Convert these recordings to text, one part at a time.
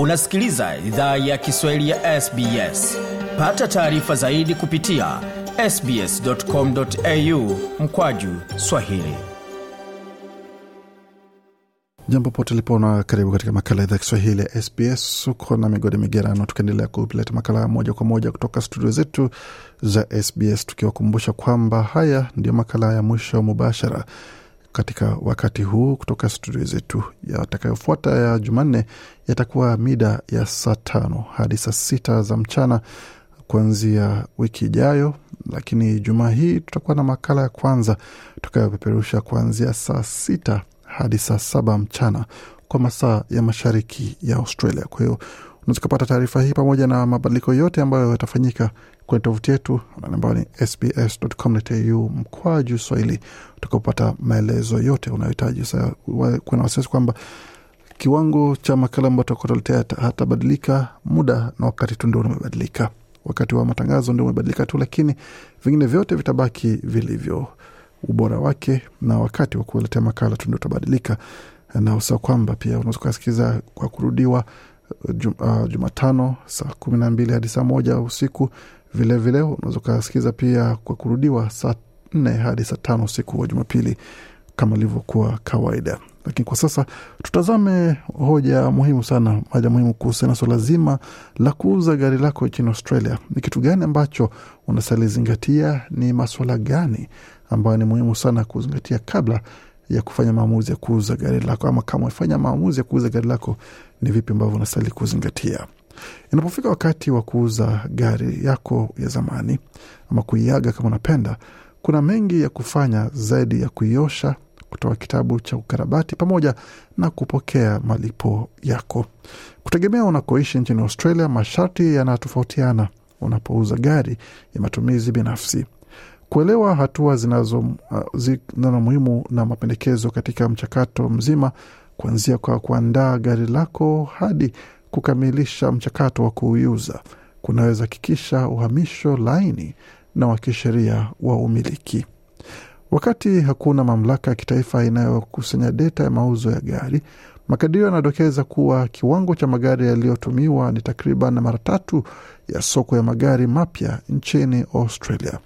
unasikiliza idhaa ya kiswahili ya sbs pata taarifa zaidi kupitia sbscomau mkwaju swahili jambo pote lipona karibu katika makala idhaa kiswahili ya sbs uko na migodi migerano tukiendelea kuleta makala moja kwa moja kutoka studio zetu za sbs tukiwakumbusha kwamba haya ndiyo makala ya mwisho mubashara katika wakati huu kutoka studio zetu. Yatakayofuata ya, Jumanne yatakuwa mida ya saa tano hadi saa sita za mchana kuanzia wiki ijayo, lakini jumaa hii tutakuwa na makala ya kwanza tukayopeperusha kuanzia saa sita hadi saa saba mchana kwa masaa ya mashariki ya Australia. Kwa hiyo Unaweza kupata taarifa hii pamoja na mabadiliko yote ambayo yatafanyika kwenye tovuti yetu ambayo ni sbs.com.au mkwaju Swahili, utakaopata maelezo yote unayohitaji. kuna wasiwasi kwamba kiwango cha makala ambayo tutakuwa hatabadilika, muda na wakati tu ndio umebadilika, wakati wa matangazo ndio umebadilika tu, lakini vingine vyote vitabaki vilivyo. Ubora wake na wakati wa kuletea makala tu ndio utabadilika, na usa kwamba pia unaweza kusikiliza kwa kurudiwa jum, uh, Jumatano saa kumi na mbili hadi saa moja usiku. Vilevile unaweza ukasikiza pia kwa kurudiwa saa nne hadi saa tano usiku wa Jumapili kama ilivyokuwa kawaida. Lakini kwa sasa tutazame hoja muhimu sana, haja muhimu kuhusiana swala zima la kuuza gari lako nchini Australia. Ni kitu gani ambacho unasalizingatia Ni maswala gani ambayo ni muhimu sana kuzingatia kabla ya kufanya maamuzi ya kuuza gari lako, ama kama umefanya maamuzi ya kuuza gari lako, ni vipi ambavyo unastahili kuzingatia. Inapofika wakati wa kuuza gari yako ya zamani ama kuiaga kama unapenda, kuna mengi ya kufanya zaidi ya kuiosha, kutoa kitabu cha ukarabati pamoja na kupokea malipo yako. Kutegemea unakoishi nchini Australia, masharti yanatofautiana unapouza gari ya matumizi binafsi kuelewa hatua uh, zinazo muhimu na mapendekezo katika mchakato mzima kuanzia kwa kuandaa gari lako hadi kukamilisha mchakato wa kuuza kunaweza hakikisha uhamisho laini na wa kisheria wa umiliki. Wakati hakuna mamlaka ya kitaifa inayokusanya deta ya mauzo ya gari, makadirio yanadokeza kuwa kiwango cha magari yaliyotumiwa ni takriban mara tatu ya soko ya magari mapya nchini Australia.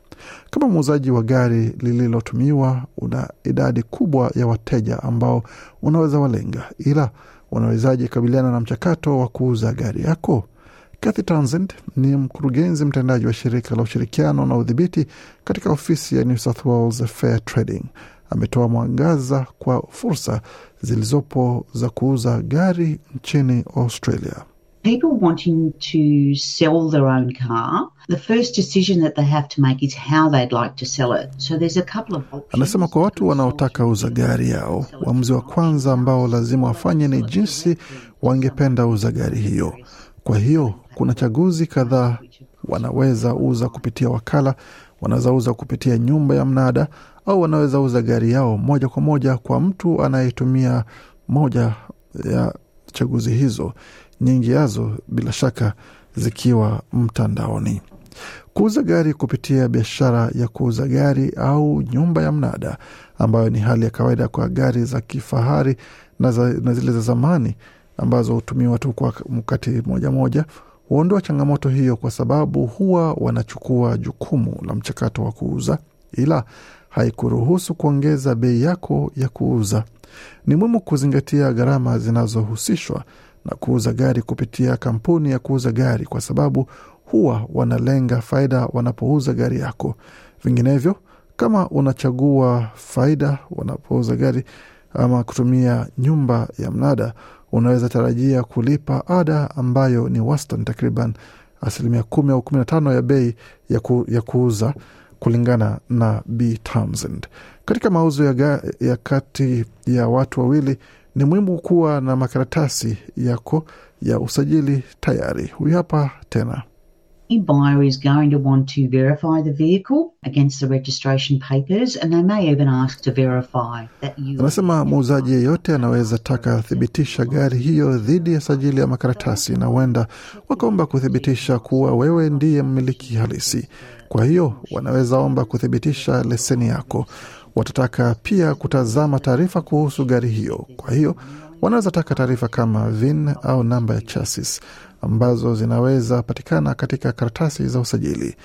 Kama muuzaji wa gari lililotumiwa, una idadi kubwa ya wateja ambao unaweza walenga, ila unawezaje kabiliana na mchakato wa kuuza gari yako? Kathy Townsend ni mkurugenzi mtendaji wa shirika la ushirikiano na udhibiti katika ofisi ya New South Wales Fair Trading. Ametoa mwangaza kwa fursa zilizopo za kuuza gari nchini Australia people wanting to sell their own car, the first decision that they have to make is how they'd like to sell it. So there's a couple of options. Anasema kwa watu wanaotaka uza gari yao, uamuzi wa kwanza ambao lazima wafanye ni jinsi wangependa uza gari hiyo. Kwa hiyo kuna chaguzi kadhaa, wanaweza uza kupitia wakala, wanaweza uza kupitia nyumba ya mnada, au wanaweza uza gari yao moja kwa moja kwa mtu anayetumia moja ya chaguzi hizo nyingi yazo bila shaka zikiwa mtandaoni. Kuuza gari kupitia biashara ya kuuza gari au nyumba ya mnada, ambayo ni hali ya kawaida kwa gari za kifahari na, za, na zile za zamani ambazo hutumiwa tu kwa mkati moja moja, huondoa changamoto hiyo kwa sababu huwa wanachukua jukumu la mchakato wa kuuza, ila haikuruhusu kuongeza bei yako ya kuuza. Ni muhimu kuzingatia gharama zinazohusishwa na kuuza gari kupitia kampuni ya kuuza gari, kwa sababu huwa wanalenga faida wanapouza gari yako. Vinginevyo, kama unachagua faida wanapouza gari ama kutumia nyumba ya mnada, unaweza tarajia kulipa ada ambayo ni wastani takriban asilimia kumi au kumi na tano ya bei ya, ku, ya kuuza kulingana na B Townsend. Katika mauzo ya, ya kati ya watu wawili ni muhimu kuwa na makaratasi yako ya usajili tayari. Huyu hapa tena Anasema muuzaji yeyote anaweza taka thibitisha gari hiyo dhidi ya sajili ya makaratasi na huenda wakaomba kuthibitisha kuwa wewe ndiye mmiliki halisi. Kwa hiyo wanaweza omba kuthibitisha leseni yako watataka pia kutazama taarifa kuhusu gari hiyo. Kwa hiyo wanaweza taka taarifa kama VIN au namba ya chasis ambazo zinaweza patikana katika karatasi za usajili,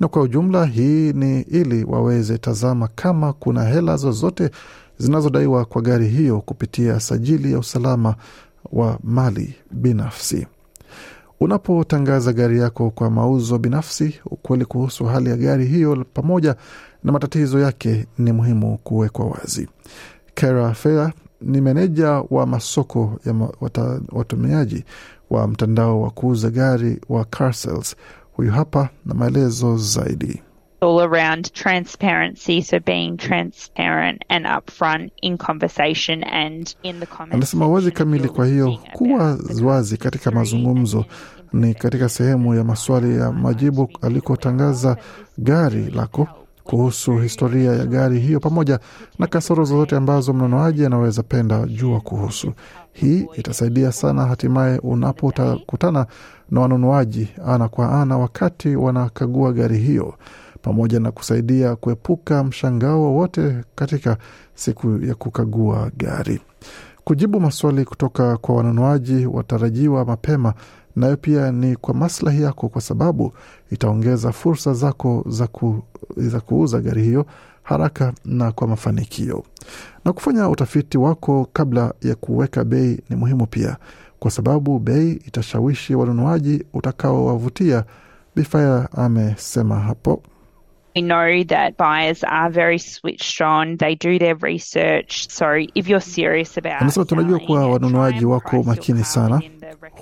na kwa ujumla hii ni ili waweze tazama kama kuna hela zozote zinazodaiwa kwa gari hiyo kupitia sajili ya usalama wa mali binafsi. Unapotangaza gari yako kwa mauzo binafsi, ukweli kuhusu hali ya gari hiyo pamoja na matatizo yake ni muhimu kuwekwa wazi. Kara Fea ni meneja wa masoko ya ma, wata, watumiaji wa mtandao wa kuuza gari wa Carsales. Huyu hapa na maelezo zaidi. all around transparency. So being transparent and upfront in conversation and in the comments. Anasema wazi kamili, kwa hiyo kuwa wazi katika mazungumzo ni katika sehemu ya maswali ya majibu alikotangaza gari lako kuhusu historia ya gari hiyo pamoja na kasoro zozote ambazo mnunuaji anaweza penda jua kuhusu. Hii itasaidia sana hatimaye unapokutana na wanunuaji ana kwa ana wakati wanakagua gari hiyo, pamoja na kusaidia kuepuka mshangao wowote katika siku ya kukagua gari. Kujibu maswali kutoka kwa wanunuaji watarajiwa mapema nayo pia ni kwa maslahi yako, kwa sababu itaongeza fursa zako za, ku, za kuuza gari hiyo haraka na kwa mafanikio. Na kufanya utafiti wako kabla ya kuweka bei ni muhimu pia, kwa sababu bei itashawishi wanunuaji utakaowavutia. Bifaya amesema hapo. We know that buyers are very switched on. They do their research. So if you're serious about, anasema tunajua kuwa wanunuaji wako makini sana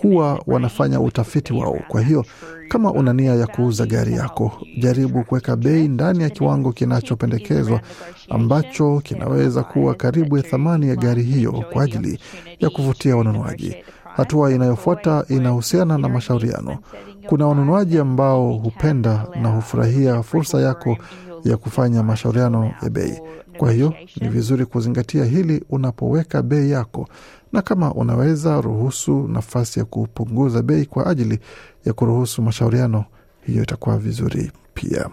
huwa wanafanya utafiti wao. Kwa hiyo kama una nia ya kuuza gari yako, jaribu kuweka bei ndani ya kiwango kinachopendekezwa ambacho kinaweza kuwa karibu ya thamani ya gari hiyo kwa ajili ya kuvutia wanunuaji. Hatua inayofuata inahusiana na mashauriano. Kuna wanunuaji ambao hupenda na hufurahia fursa yako ya kufanya mashauriano ya bei. Kwa hiyo ni vizuri kuzingatia hili unapoweka bei yako, na kama unaweza ruhusu nafasi ya kupunguza bei kwa ajili ya kuruhusu mashauriano, hiyo itakuwa vizuri pia.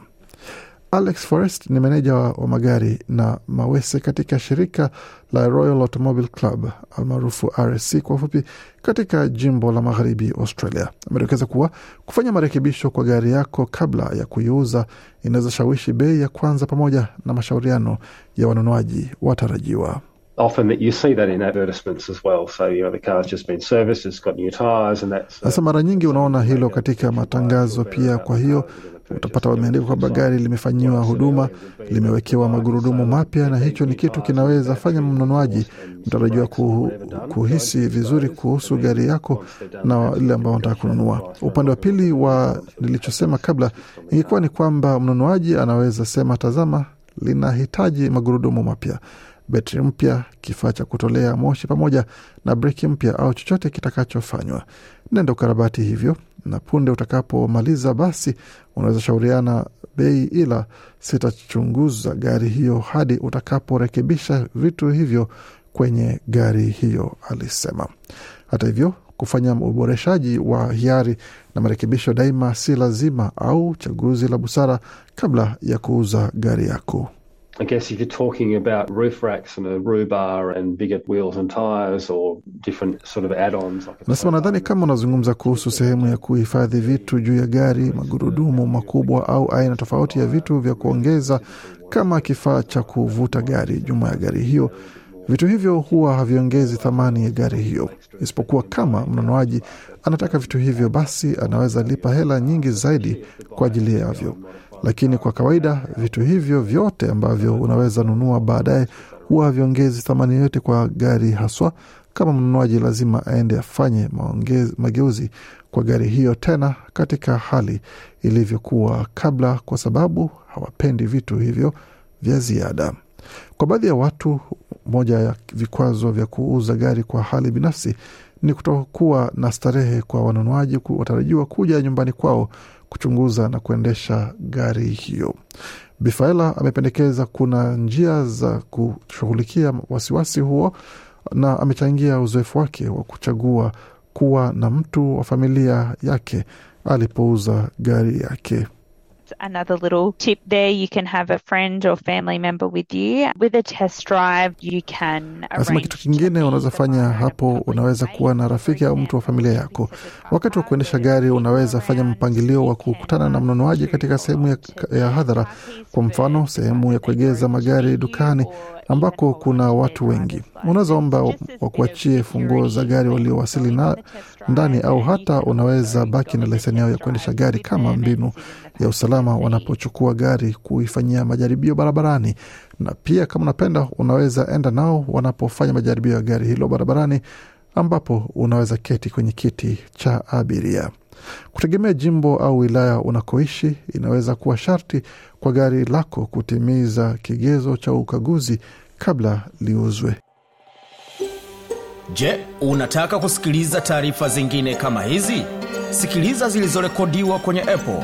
Alex Forest ni meneja wa magari na mawese katika shirika la Royal Automobile Club almaarufu RSC kwa ufupi, katika jimbo la magharibi Australia. Amedokeza kuwa kufanya marekebisho kwa gari yako kabla ya kuiuza inaweza shawishi bei ya kwanza pamoja na mashauriano ya wanunuaji watarajiwa. Uh, Sasa mara nyingi unaona hilo katika matangazo pia, kwa hiyo utapata wameandika kwamba gari limefanyiwa huduma, limewekewa magurudumu mapya, na hicho ni kitu kinaweza fanya mnunuaji mtarajiwa kuhisi vizuri kuhusu gari yako na ile ambao nataka kununua. Upande wa pili wa nilichosema kabla ingekuwa ni kwamba mnunuaji anaweza sema, tazama, linahitaji magurudumu mapya betri mpya, kifaa cha kutolea moshi pamoja na breki mpya au chochote kitakachofanywa. Nenda ukarabati hivyo, na punde utakapomaliza, basi unaweza shauriana bei, ila sitachunguza gari hiyo hadi utakaporekebisha vitu hivyo kwenye gari hiyo, alisema. Hata hivyo kufanya uboreshaji wa hiari na marekebisho daima si lazima au chaguzi la busara kabla ya kuuza gari yako. I guess if you're talking about roof racks and a roof bar and bigger wheels and tires or different sort of add-ons. Nasema nadhani kama unazungumza kuhusu sehemu ya kuhifadhi vitu juu ya gari, magurudumu makubwa au aina tofauti ya vitu vya kuongeza kama kifaa cha kuvuta gari nyuma ya gari hiyo. Vitu hivyo huwa haviongezi thamani ya gari hiyo, isipokuwa kama mnunuaji anataka vitu hivyo, basi anaweza lipa hela nyingi zaidi kwa ajili yavyo. Lakini kwa kawaida vitu hivyo vyote ambavyo unaweza nunua baadaye huwa haviongezi thamani yoyote kwa gari, haswa kama mnunuaji lazima aende afanye mageuzi kwa gari hiyo tena katika hali ilivyokuwa kabla, kwa sababu hawapendi vitu hivyo vya ziada. Kwa baadhi ya watu, moja ya vikwazo vya kuuza gari kwa hali binafsi ni kutokuwa na starehe kwa wanunuaji watarajiwa kuja nyumbani kwao kuchunguza na kuendesha gari hiyo. Bifaela amependekeza kuna njia za kushughulikia wasiwasi huo na amechangia uzoefu wake wa kuchagua kuwa na mtu wa familia yake alipouza gari yake another little tip there. You can have a friend or family member with you. With a test drive, you can Nasema kitu kingine unaweza fanya hapo, unaweza kuwa na rafiki au mtu wa familia yako. Wakati wa kuendesha gari, unaweza fanya mpangilio wa kukutana na mnunuaji katika sehemu ya, ya hadhara, kwa mfano sehemu ya kuegeza magari dukani ambako kuna watu wengi. Unaweza omba wakuachie funguo za gari waliowasili na ndani, au hata unaweza baki na leseni yao ya kuendesha gari kama mbinu ya usalama usalama wanapochukua gari kuifanyia majaribio barabarani, na pia kama unapenda unaweza enda nao wanapofanya majaribio ya gari hilo barabarani, ambapo unaweza keti kwenye kiti cha abiria. Kutegemea jimbo au wilaya unakoishi, inaweza kuwa sharti kwa gari lako kutimiza kigezo cha ukaguzi kabla liuzwe. Je, unataka kusikiliza taarifa zingine kama hizi? Sikiliza zilizorekodiwa kwenye Apple,